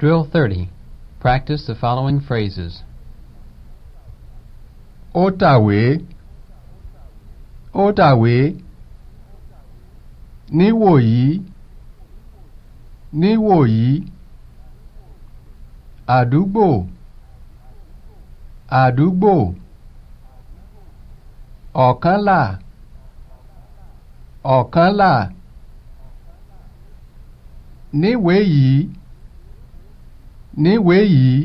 Drill 30. Practice the following phrases. Otawe. Otawe. Niwoyi. Niwoyi. Adubo. Adubo. Okala. Okala. Níwèé yìí. níwèé yìí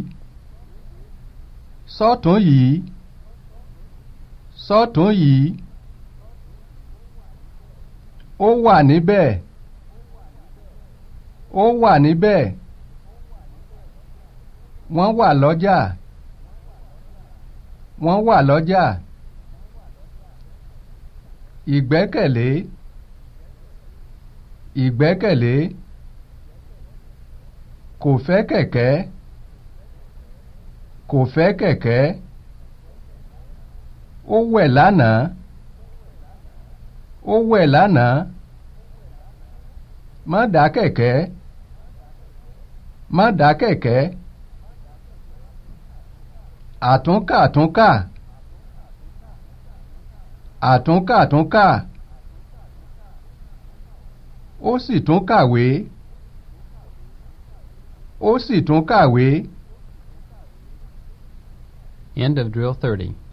sọ́tún yìí sọ́tún yìí ó wà níbẹ̀ ó wà níbẹ̀ wọ́n wà lọ́jà wọ́n wà lọ́jà ìgbẹ́kẹ̀lé ìgbẹ́kẹ̀lé kò fẹ́ kẹ̀kẹ́ kò fẹ́ kẹ̀kẹ́ ó wẹ̀ lánàá ó wẹ̀ lánàá má dá kẹ̀kẹ́ má dá kẹ̀kẹ́ àtúnkà àtúnkà àtúnkà àtúnkà ó sì tún kàwé. ó sì tún kàwé. End of drill 30.